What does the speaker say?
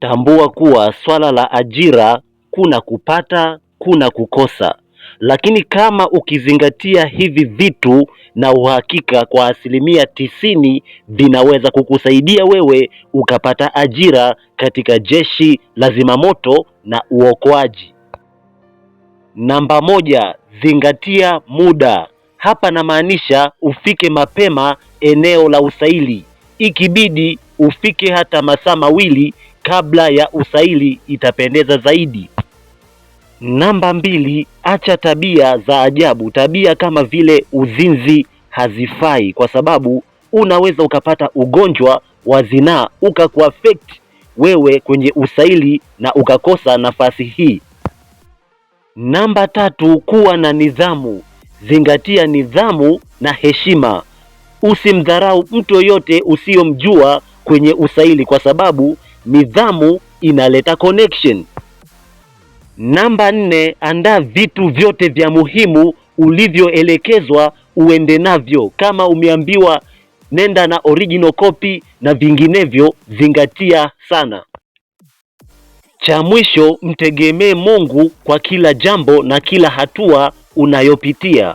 Tambua kuwa swala la ajira kuna kupata, kuna kukosa, lakini kama ukizingatia hivi vitu na uhakika kwa asilimia tisini vinaweza kukusaidia wewe ukapata ajira katika jeshi la zimamoto na uokoaji. Namba moja, zingatia muda. Hapa namaanisha ufike mapema eneo la usaili, ikibidi ufike hata masaa mawili kabla ya usaili itapendeza zaidi. Namba mbili, acha tabia za ajabu. Tabia kama vile uzinzi hazifai, kwa sababu unaweza ukapata ugonjwa wa zinaa ukakuaffect wewe kwenye usaili na ukakosa nafasi hii. Namba tatu, kuwa na nidhamu. Zingatia nidhamu na heshima. Usimdharau mtu yoyote usiyomjua kwenye usaili, kwa sababu nidhamu inaleta connection. Namba nne, andaa vitu vyote vya muhimu ulivyoelekezwa uende navyo. Kama umeambiwa nenda na original copy na vinginevyo, zingatia sana. Cha mwisho, mtegemee Mungu kwa kila jambo na kila hatua unayopitia.